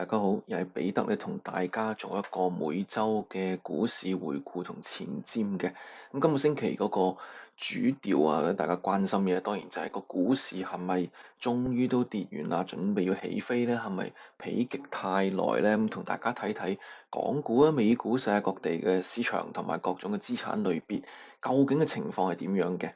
大家好，又係彼得咧，同大家做一個每周嘅股市回顧同前瞻嘅。咁今個星期嗰個主調啊，大家關心嘅當然就係個股市係咪終於都跌完啦，準備要起飛咧？係咪否極泰來咧？咁、嗯、同大家睇睇港股啊、美股、世界各地嘅市場同埋各種嘅資產類別，究竟嘅情況係點樣嘅？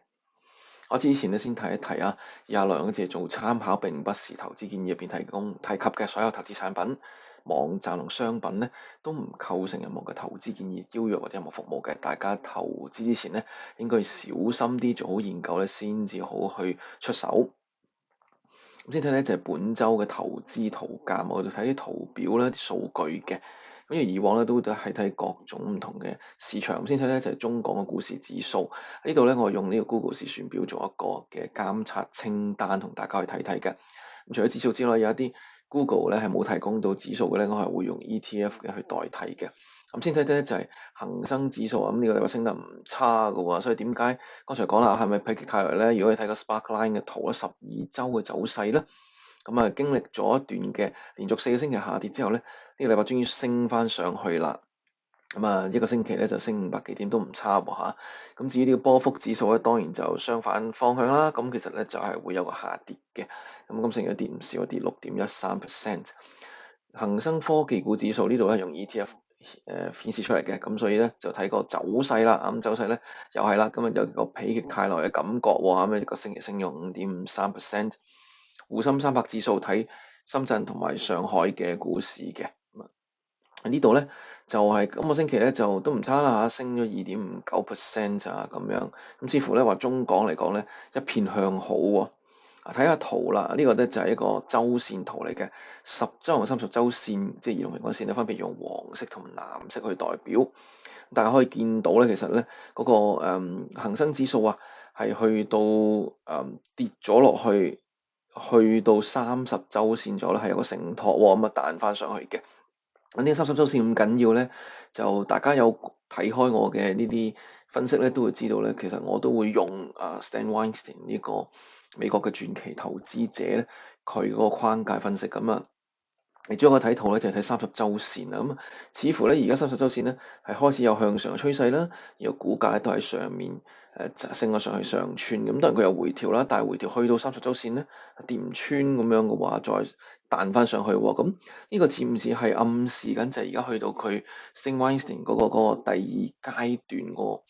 我之前咧先提一提啊，兩個字係做參考，並不是投資建議。入邊提供提及嘅所有投資產品、網站同商品咧，都唔構成任何嘅投資建議邀約或者任何服務嘅。大家投資之前咧，應該小心啲，做好研究咧，先至好去出手。咁先睇咧就係、是、本周嘅投資圖鑑，我哋睇啲圖表啦、啲數據嘅。咁而以往咧都都係睇各種唔同嘅市場，先睇咧就係、是、中港嘅股市指數。呢度咧我用呢個 Google 試算表做一個嘅監測清單，同大家去睇睇嘅。咁除咗指數之外，有一啲 Google 咧係冇提供到指數嘅咧，我係會用 ETF 嘅去代替嘅。咁先睇睇咧就係、是、恒生指數啊，咁、這、呢個禮拜升得唔差㗎喎，所以點解？剛才講啦，係咪否極泰來咧？如果你睇個 Sparkline 嘅圖咧，十二週嘅走勢咧，咁啊經歷咗一段嘅連續四個星期下跌之後咧。呢個禮拜終於升返上去啦，咁啊一個星期咧就升五百幾點都唔差喎、啊、嚇。咁、啊、至於呢個波幅指數咧，當然就相反方向啦。咁其實咧就係、是、會有個下跌嘅。咁今成日跌唔少，一跌六點一三 percent。恒生科技股指數呢度咧用 E T F 誒顯示出嚟嘅，咁所以咧就睇個走勢啦。咁、嗯、走勢咧又係啦，今日有個否極泰來嘅感覺喎、啊。咁、嗯、啊一個星期升咗五點五三 percent。滬深三百指數睇深圳同埋上海嘅股市嘅。喺呢度咧就係、是、今、那個星期咧就都唔差啦嚇，升咗二點五九 percent 啊，咁樣。咁似乎咧話中港嚟講咧一片向好喎、哦。睇下圖啦，這個、呢個咧就係、是、一個周線圖嚟嘅十週同三十週，週線，即係移動平均線咧分別用黃色同藍色去代表。大家可以見到咧，其實咧嗰、那個恒、嗯、生指數啊，係去到誒、嗯、跌咗落去，去到三十週線咗咧係有個承托喎，咁、哦、啊彈翻上去嘅。呢三十周線咁緊要咧，就大家有睇開我嘅呢啲分析咧，都會知道咧，其實我都會用啊 Stan Weinstein 呢個美國嘅傳奇投資者咧，佢嗰個框架分析咁啊。你最後睇圖咧就係睇三十周線啊，咁似乎咧而家三十周線咧係開始有向上嘅趨勢啦，而個股價咧都喺上面誒、呃、升咗上去上穿，咁當然佢有回調啦，但係回調去到三十周線咧，掂穿咁樣嘅話再，彈翻上去喎，咁呢個似唔似係暗示緊就係而家去到佢 Stan Weinstein 嗰個嗰個第二階段個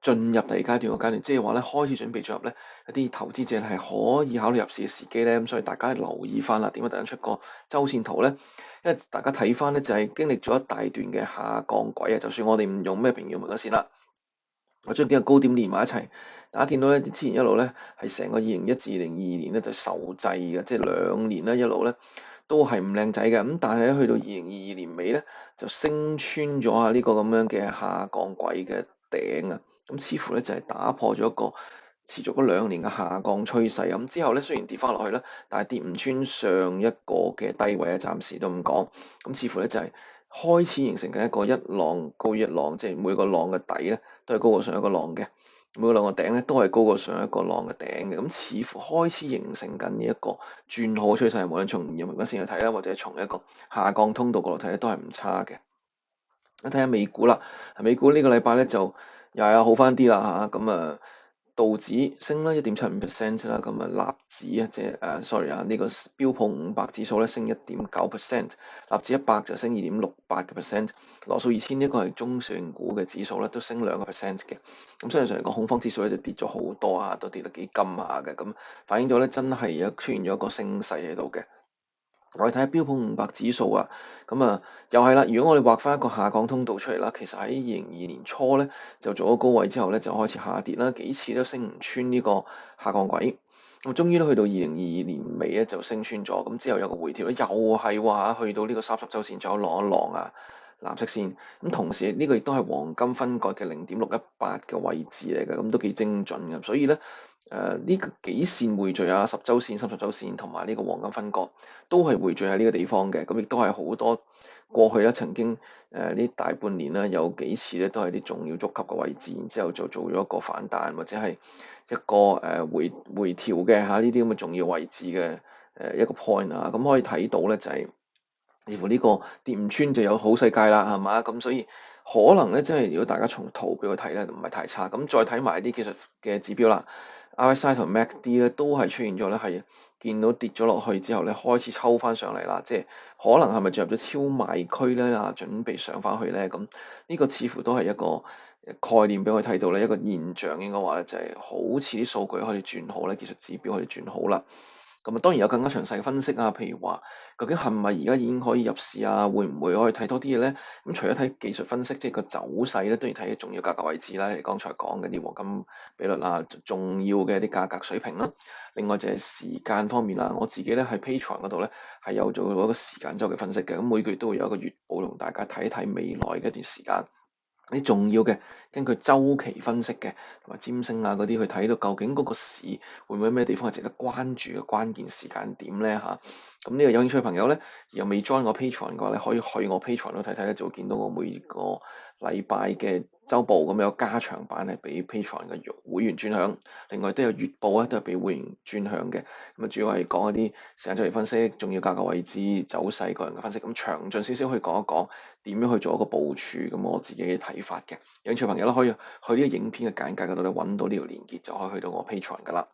進入第二階段個階段，即係話咧開始準備進入咧一啲投資者係可以考慮入市嘅時機咧，咁所以大家留意翻啦，點解突然出個周線圖咧？因為大家睇翻咧就係、係、經歷咗一大段嘅下降軌啊，就算我哋唔用咩平圓弧嘅線啦，我將幾個高點連埋一齊。大家見到咧，之前一路咧係成個二零一至二零二年咧就受制嘅，即係兩年咧一路咧都係唔靚仔嘅。咁但係咧去到二零二二年尾咧就升穿咗啊呢個咁樣嘅下降軌嘅頂啊。咁、嗯、似乎咧就係、是、打破咗一個持續咗兩年嘅下降趨勢。咁、嗯、之後咧雖然跌翻落去啦，但係跌唔穿上一個嘅低位啊，暫時都唔講。咁、嗯、似乎咧就係、是、開始形成嘅一個一浪高一浪，即係每個浪嘅底咧都係高過上一個浪嘅。每兩個頂咧都係高過上一個浪嘅頂嘅，咁似乎開始形成緊呢一個轉好嘅趨勢，無論從日月均線去睇啦，或者從一個下降通道角度睇咧都係唔差嘅。咁睇下美股啦，美股呢個禮拜咧就又係好翻啲啦嚇，咁啊～、嗯道指升啦，一點七五 percent 啦，咁啊納指啊，即係誒，sorry 啊，呢個標普五百指數咧升一點九 percent，納指一百就升二點六八嘅 percent，羅素二千呢個係中線股嘅指數咧都升兩個 percent 嘅，咁相對上嚟講，恐慌指數咧就跌咗好多啊，都跌得幾勁下嘅，咁反映到咧真係有出現咗一個升勢喺度嘅。我哋睇下標普五百指數啊，咁、嗯、啊又係啦，如果我哋畫翻一個下降通道出嚟啦，其實喺二零二年初咧就做咗高位之後咧就開始下跌啦，幾次都升唔穿呢個下降軌，咁、嗯、終於都去到二零二二年尾咧就升穿咗，咁、嗯、之後有個回調咧又係話去到呢個三十週線左右，浪一浪啊藍色線，咁、嗯、同時呢、呢個亦都係黃金分割嘅零點六一八嘅位置嚟嘅，咁、嗯、都幾精準嘅，所以咧。誒呢幾線匯聚啊，十周線、三十周線同埋呢個黃金分割都係匯聚喺呢個地方嘅。咁亦都係好多過去咧，曾經誒呢、呃、大半年啦，有幾次咧都係啲重要觸及嘅位置，然之後就做咗一個反彈或者係一個誒回回調嘅嚇呢啲咁嘅重要位置嘅誒一個 point 啊。咁、嗯、可以睇到咧就係、是、似乎呢個跌穿就有好世界啦，係嘛？咁，所以可能咧真係如果大家從圖表去睇咧唔係太差。咁再睇埋啲技術嘅指標啦。RSI 同 MACD 咧都係出現咗咧，係見到跌咗落去之後咧，開始抽翻上嚟啦，即係可能係咪進入咗超賣區咧啊？準備上翻去咧，咁呢個似乎都係一個概念俾我我睇到咧，一個現象應該話咧，就係、是、好似啲數據可以轉好咧，其實指標可以轉好啦。咁啊，當然有更加詳細嘅分析啊，譬如話，究竟係咪而家已經可以入市啊？會唔會可以睇多啲嘢咧？咁除咗睇技術分析，即係個走勢咧，都要睇啲重要價格位置啦。你剛才講嘅啲黃金比率啦，重要嘅啲價格水平啦。另外就係時間方面啦，我自己咧喺 Patreon 嗰度咧係有做咗一個時間周期分析嘅，咁每個月都會有一個月報同大家睇一睇未來嘅一段時間。啲重要嘅，根據週期分析嘅，同埋占星啊嗰啲，去睇到究竟嗰個市會唔會咩地方係值得關注嘅關鍵時間點咧嚇。咁、啊、呢個有興趣嘅朋友咧，又未 join 我 Patreon 嘅話咧，可以去我 Patreon 度睇睇咧，就見到我每個禮拜嘅周報，咁有加長版係俾 Patreon 嘅會員專享，另外都有月報咧，都係俾會員專享嘅。咁啊，主要係講一啲時間周期分析，重要價格位置、走勢、個人嘅分析，咁詳盡少少去講一講。點樣去做一個部署？咁我自己嘅睇法嘅，有興趣朋友咧，可以去呢個影片嘅簡介嗰度咧揾到呢條連結，就可以去到我 Patreon 噶啦。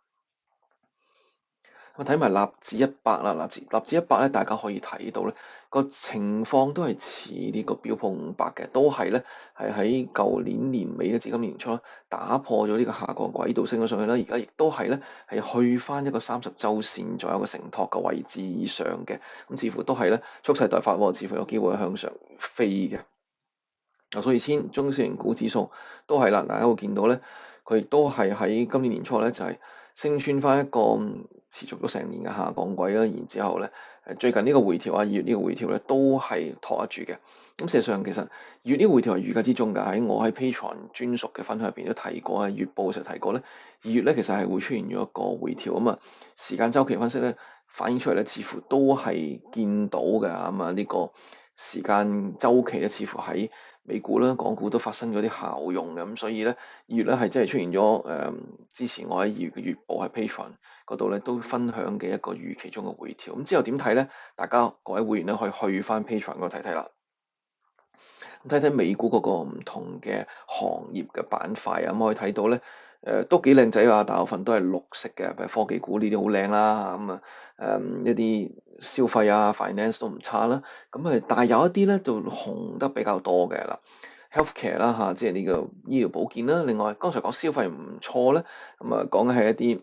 我睇埋納指一百啦，納指納指一百咧，大家可以睇到咧。個情況都係似呢個標普五百嘅，都係咧係喺舊年年尾咧，至今年初打破咗呢個下降軌道升咗上去咧，而家亦都係咧係去翻一個三十周線左右嘅承托嘅位置以上嘅，咁似乎都係咧蓄勢待發喎，似乎有機會向上飛嘅。啊，所以先中小型股指數都係啦，大家會見到咧，佢亦都係喺今年年初咧就係升穿翻一個持續咗成年嘅下降軌啦，然之後咧。誒最近呢個回調啊，二月呢個回調咧都係拖得住嘅。咁事實上其實二月呢個回調係預計之中㗎。喺我喺 Patreon 專屬嘅分享入邊都提過啊，月報成日提過咧，二月咧其實係會出現咗一個回調咁啊。時間周期分析咧反映出嚟咧，似乎都係見到嘅咁啊。呢、嗯呢個時間周期咧，似乎喺～美股啦，港股都發生咗啲效用嘅，咁所以咧二月咧係真係出現咗誒、嗯，之前我喺二月嘅月報喺 Patreon 嗰度咧都分享嘅一個預期中嘅回調。咁、嗯、之後點睇咧？大家各位會員咧可以去返 Patreon 嗰度睇睇啦。咁睇睇美股嗰個唔同嘅行業嘅板塊啊、嗯，咁可以睇到咧。誒、呃、都幾靚仔㗎，大部分都係綠色嘅，譬如科技股呢啲好靚啦，咁啊誒、嗯、一啲消費啊、finance 都唔差啦，咁、啊、誒但係有一啲咧就紅得比較多嘅啦，healthcare 啦嚇、啊，即係呢個醫療保健啦，另外剛才講消費唔錯咧，咁啊講嘅係一啲誒。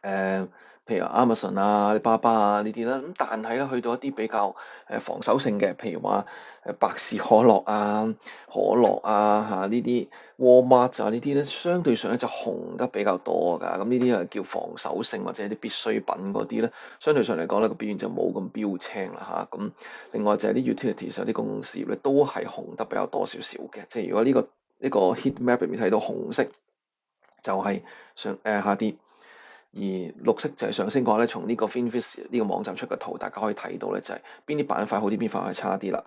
呃譬如話 Amazon 啊、阿里巴巴啊呢啲啦，咁但係咧去到一啲比較誒防守性嘅，譬如話誒百事可樂啊、可樂啊嚇、啊、呢啲，Walmart 就係呢啲咧，相對上咧就紅得比較多㗎。咁呢啲啊叫防守性或者啲必需品嗰啲咧，相對上嚟講咧個表現就冇咁標青啦吓，咁、啊、另外就係啲 utilities 啊啲公共事業咧，都係紅得比較多少少嘅。即係如果呢、呢個呢、呢個 heat map 入面睇到紅色，就係、是、上誒、呃、下跌。而綠色就係上升嘅話咧，從呢個 Finviz 呢個網站出嘅圖，大家可以睇到咧，就係邊啲板塊好啲，邊啲板塊差啲啦。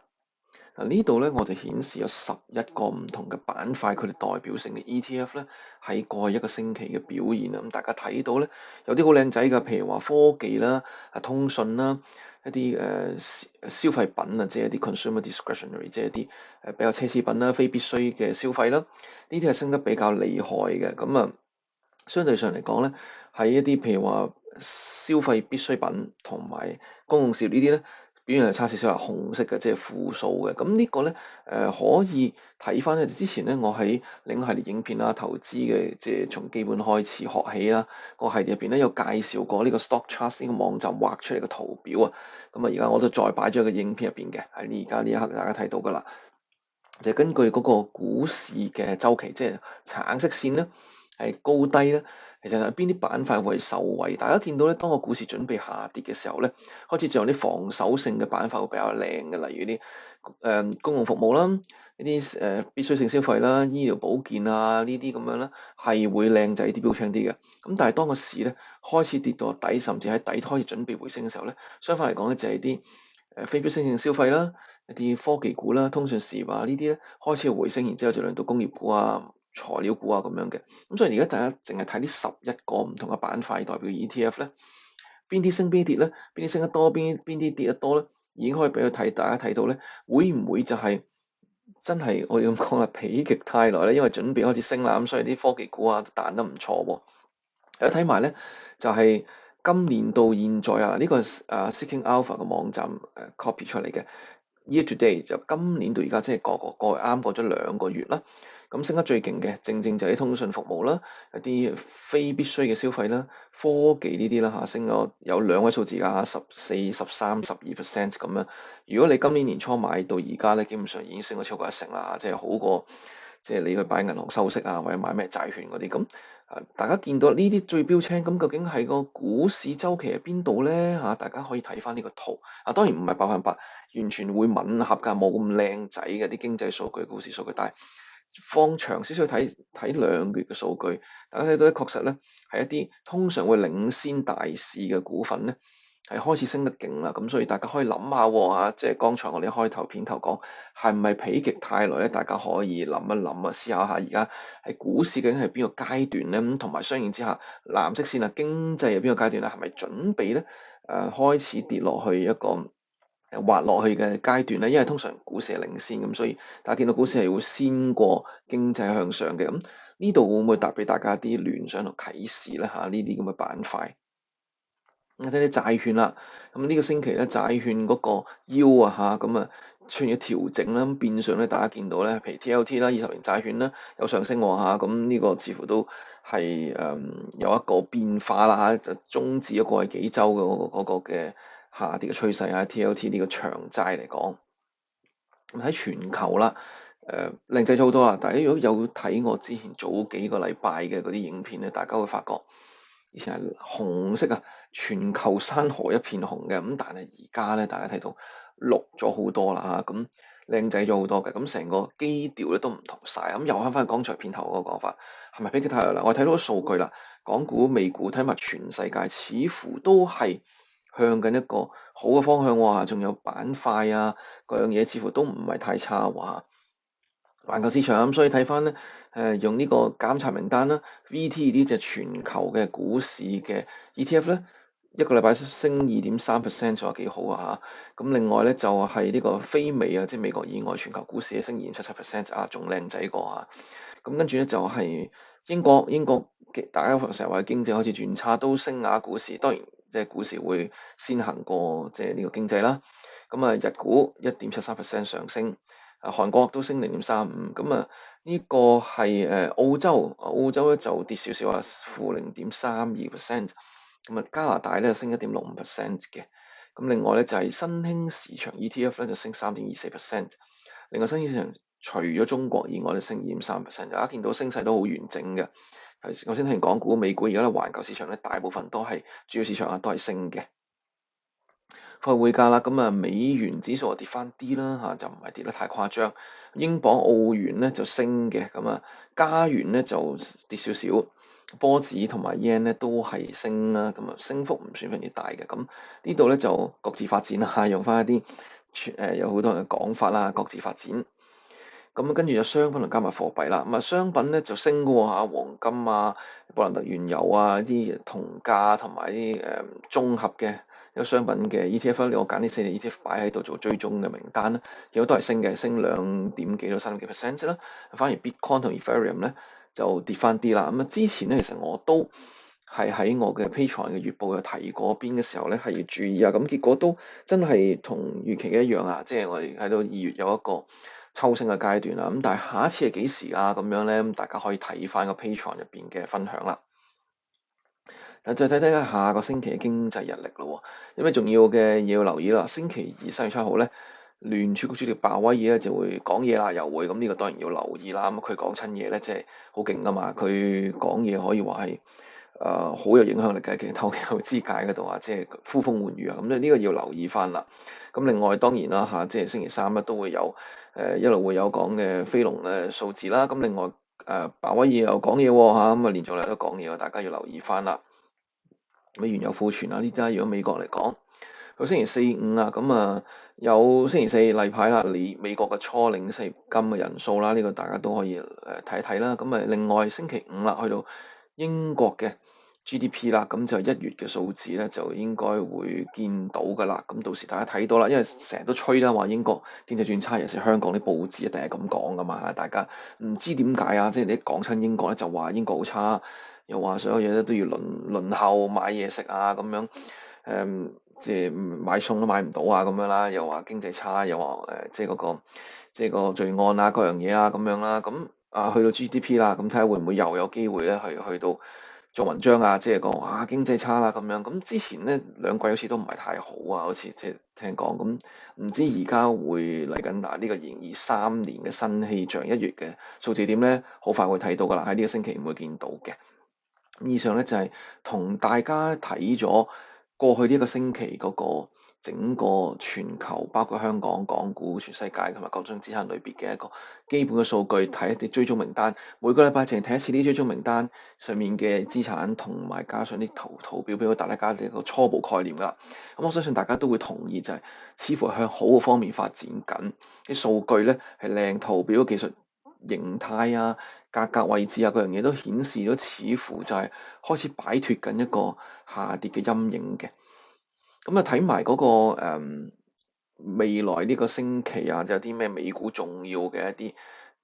嗱呢度咧，我哋顯示有十一個唔同嘅板塊，佢哋代表性嘅 ETF 咧，喺過去一個星期嘅表現啊。咁、嗯、大家睇到咧，有啲好靚仔嘅，譬如話科技啦、啊通訊啦、一啲誒、呃、消費品啊，即係一啲 consumer discretionary，即係一啲誒比較奢侈品啦、非必需嘅消費啦，呢啲係升得比較厲害嘅，咁啊。相對上嚟講咧，喺一啲譬如話消費必需品同埋公共事業呢啲咧，表現係差少少，係紅色嘅，即係負數嘅。咁呢個咧，誒、呃、可以睇翻咧。之前咧，我喺另一系列影片啊、投資嘅即係從基本開始學起啦，那個系列入邊咧有介紹過呢個 stock trust 呢個網站畫出嚟嘅圖表啊。咁啊，而家我都再擺咗一個影片入邊嘅，喺而家呢一刻大家睇到噶啦。就是、根據嗰個股市嘅週期，即係橙色線咧。係高低咧，其實係邊啲板塊會受惠。大家見到咧，當個股市準備下跌嘅時候咧，開始做啲防守性嘅板塊會比較靚嘅，例如啲誒、呃、公用服務啦，一啲誒必需性消費啦、醫療保健啊這這呢啲咁樣啦，係會靚仔啲、就是、標青啲嘅。咁但係當個市咧開始跌到底，甚至喺底開始準備回升嘅時候咧，相反嚟講咧就係啲誒非必需性消費啦、一啲科技股啦、通訊事業呢啲咧開始回升，然之後就輪到工業股啊。材料股啊咁樣嘅，咁所以而家大家淨係睇呢十一個唔同嘅板塊代表 ETF 咧，邊啲升邊啲跌咧？邊啲升得多？邊邊啲跌得多咧？已經可以俾佢睇，大家睇到咧，會唔會就係、是、真係我哋咁講啊？否極泰來咧，因為準備開始升啦，咁所以啲科技股啊彈得唔錯喎。大家睇埋咧，就係、是、今年到現在啊，呢、這個啊 Seeking Alpha 嘅網站誒 copy 出嚟嘅，Year to date 就今年到而家即係過過啱過咗兩個月啦。咁升得最勁嘅，正正就係啲通訊服務啦，一啲非必須嘅消費啦，科技呢啲啦嚇，升咗有兩位數字噶，十四、十三、十二 percent 咁樣。如果你今年年初買到而家咧，基本上已經升咗超過一成啦，即係好過即係你去擺銀行收息啊，或者買咩債券嗰啲咁。啊，大家見到呢啲最標青，咁究竟係個股市週期喺邊度咧？嚇、啊，大家可以睇翻呢個圖。啊，當然唔係百分百完全會吻合㗎，冇咁靚仔嘅啲經濟數據、股市數據，但係。放長少少睇睇兩月嘅數據，大家睇到咧，確實咧係一啲通常會領先大市嘅股份咧，係開始升得勁啦。咁所以大家可以諗下喎、呃、即係剛才我哋一開頭片頭講係唔係否極泰來咧？大家可以諗一諗啊，思考下而家喺股市究竟係邊個階段咧？咁同埋相應之下藍色線啊，經濟係邊個階段咧？係咪準備咧誒、呃、開始跌落去一個？滑落去嘅階段咧，因為通常股市係領先咁，所以大家見到股市係會先過經濟向上嘅。咁呢度會唔會帶俾大家啲聯想同啟示咧？嚇、啊，呢啲咁嘅板塊，咁睇啲債券啦。咁、啊、呢、嗯這個星期咧，債券嗰個 U 啊嚇，咁啊出現咗調整啦，咁、啊、變相咧，大家見到咧，譬如 TLT 啦、二十年債券啦，有上升喎嚇。咁、啊、呢、啊嗯這個似乎都係誒、嗯、有一個變化啦嚇，就、啊、終止咗過去幾周嘅嗰個嗰、那個嘅。下跌嘅趨勢啊，T L T 呢個長債嚟講，咁喺全球啦，誒靚仔咗好多啊！大家如果有睇我之前早幾個禮拜嘅嗰啲影片咧，大家會發覺以前係紅色啊，全球山河一片紅嘅，咁但係而家咧，大家睇到綠咗好多啦嚇，咁靚仔咗好多嘅，咁成個基調咧都唔同晒。咁又翻返去剛才片頭嗰個講法，係咪否極泰來啦？我睇到數據啦，港股、美股睇埋全世界，似乎都係。向緊一個好嘅方向喎、啊，仲有板塊啊，各樣嘢似乎都唔係太差喎、啊、嚇。環球市場咁、啊、所以睇翻咧，誒、呃、用呢個監察名單啦、啊、V T 呢隻全球嘅股市嘅 E T F 咧，一個禮拜升二點三 percent，就話、是、幾好啊嚇。咁、啊、另外咧就係、是、呢個非美啊，即係美國以外全球股市嘅升二點七七 percent 啊，仲靚仔過嚇。咁、啊、跟住咧就係英國，英國嘅大家成日話經濟開始轉差，都升下股市，當然。即係股市會先行過，即係呢個經濟啦。咁、嗯、啊，日股一點七三 percent 上升，啊韓國都升零點三五。咁啊，呢個係誒澳洲，澳洲咧就跌少少啊，負零點三二 percent。咁啊，加拿大咧升一點六五 percent 嘅。咁另外咧就係、是、新興市場 ETF 咧就升三點二四 percent。另外新興市場除咗中國以外咧升二點三 percent，大家見到升勢都好完整嘅。我先睇完港股、美股，而家咧環球市場咧大部分都係主要市場啊，都係升嘅。貨幣價啦，咁啊美元指數跌翻啲啦，嚇就唔係跌得太誇張。英鎊、澳元咧就升嘅，咁啊加元咧就跌少少。波指同埋 yen 咧都係升啦，咁啊升幅唔算非常大嘅。咁呢度咧就各自發展啦，用翻一啲誒、呃、有好多人嘅講法啦，各自發展。咁跟住有商品同加埋貨幣啦。咁啊，商品咧就升過吓，黃金啊、布蘭特原油啊、啲銅價同埋啲誒綜合嘅一個商品嘅 E T F 我揀呢四隻 E T F 擺喺度做追蹤嘅名單咧，結果都係升嘅，升兩點幾到三點幾 percent 即係啦。反而 Bitcoin 同 Ethereum 咧就跌翻啲啦。咁啊，之前咧其實我都係喺我嘅 Patreon 嘅月報有提過邊嘅時候咧係要注意啊。咁結果都真係同預期一樣啊，即係我哋喺到二月有一個。抽升嘅階段啦，咁但係下一次係幾時啊？咁樣咧，咁大家可以睇翻個 Patreon 入邊嘅分享啦。但再睇睇下下個星期嘅經濟日曆咯，有咩重要嘅嘢要留意啦？星期二三月七號咧，聯儲局主席鮑威爾咧就會講嘢啦，又會咁，呢個當然要留意啦。咁佢講親嘢咧，即係好勁噶嘛，佢講嘢可以話係。誒好、呃、有影響力嘅其實投資界嗰度啊，即係、就是、呼風喚雨啊，咁咧呢個要留意翻啦。咁另外當然啦嚇，即係星期三咧都會有誒、呃、一路會有講嘅非農嘅數字啦。咁另外誒鮑、呃、威爾又講嘢喎，咁啊連續嚟都講嘢，大家要留意翻啦。咁原油庫存啊，呢家如果美國嚟講，咁星期四五啊，咁啊有星期四例牌啦，你美國嘅初領四金嘅人數啦，呢、這個大家都可以誒睇一睇啦。咁啊另外星期五啦，去到英國嘅。GDP 啦，咁就一月嘅數字咧，就應該會見到噶啦。咁到時大家睇到啦，因為成日都吹啦，話英國經濟轉差，尤其係香港啲報紙一定係咁講噶嘛。大家唔知點解啊？即係你一講親英國咧，就話英國好差，又話所有嘢咧都要輪輪候買嘢食啊，咁樣誒、嗯，即係買餸都買唔到啊，咁樣啦，又話經濟差，又話誒、呃，即係、那、嗰個即係個罪案啊，各樣嘢啊，咁樣啦。咁啊，去到 GDP 啦，咁睇下會唔會又有機會咧，係去，去到做文章啊，即係講啊經濟差啦、啊、咁樣，咁之前咧兩季好似都唔係太好啊，好似即係聽講咁，唔、嗯、知而家會嚟緊嗱呢、這個二零二三年嘅新氣象，一月嘅數字點咧，好快會睇到噶啦，喺呢個星期唔會見到嘅。以上咧就係、是、同大家睇咗過去呢一個星期嗰、那個。整個全球包括香港港股、全世界同埋各種資產類別嘅一個基本嘅數據，睇一啲追蹤名單，每個禮拜淨係睇一次呢啲追蹤名單上面嘅資產，同埋加上啲圖圖表，俾我大家一個初步概念噶啦。咁、嗯、我相信大家都會同意、就是，就係似乎向好嘅方面發展緊。啲數據咧係靚，圖表嘅技術形態啊、價格位置啊，各樣嘢都顯示咗，似乎就係、是、開始擺脫緊一個下跌嘅陰影嘅。咁啊，睇埋嗰個、嗯、未來呢個星期啊，有啲咩美股重要嘅一啲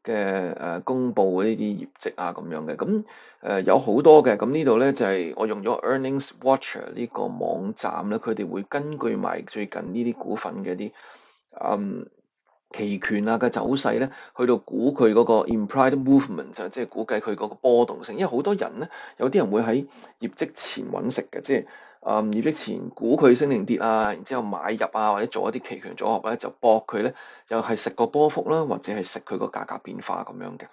嘅誒公佈呢啲業績啊，咁樣嘅，咁、嗯、誒、呃、有好多嘅。咁、嗯、呢度咧就係、是、我用咗 Earnings Watcher 呢個網站咧，佢哋會根據埋最近呢啲股份嘅啲誒期權啊嘅走勢咧，去到估佢嗰個 implied movement，即係估計佢嗰個波動性，因為好多人咧，有啲人會喺業績前揾食嘅，即係。啊，業績、嗯、前估佢升定跌啊，然之後買入啊，或者做一啲期權組合咧，就博佢咧，又係食個波幅啦，或者係食佢個價格變化咁樣嘅。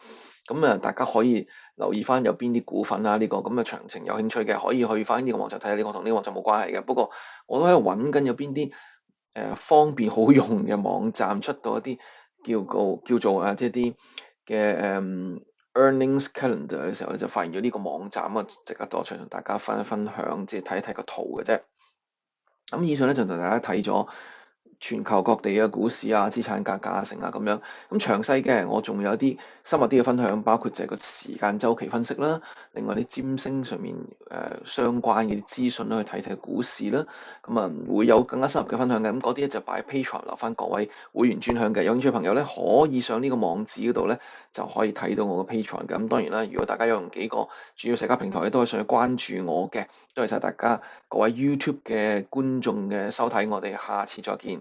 咁、嗯、啊，大家可以留意翻有邊啲股份啊，呢、這個咁嘅詳情有興趣嘅，可以去翻呢個網站睇下。呢、這個同呢個網站冇關係嘅，不過我都喺度揾緊有邊啲誒方便好用嘅網站出到一啲叫做叫做啊，即係啲嘅誒。嗯 Earnings Calendar 嘅時候咧，就發現咗呢個網站啊，即刻多場同大家分一分享，即係睇一睇個圖嘅啫。咁以上咧就同大家睇咗。全球各地嘅股市啊、資產價格,格啊、成啊咁樣，咁、嗯、詳細嘅我仲有啲深入啲嘅分享，包括就係個時間週期分析啦，另外啲占星上面誒、呃、相關嘅資訊都可以睇睇股市啦，咁、嗯、啊會有更加深入嘅分享嘅，咁嗰啲咧就擺喺 Patreon 留翻各位會員專享嘅，有興趣嘅朋友咧可以上呢個網址嗰度咧就可以睇到我嘅 Patreon，咁、嗯、當然啦，如果大家有用幾個主要社交平台都可以上去關注我嘅，多謝曬大家各位 YouTube 嘅觀眾嘅收睇，我哋下次再見。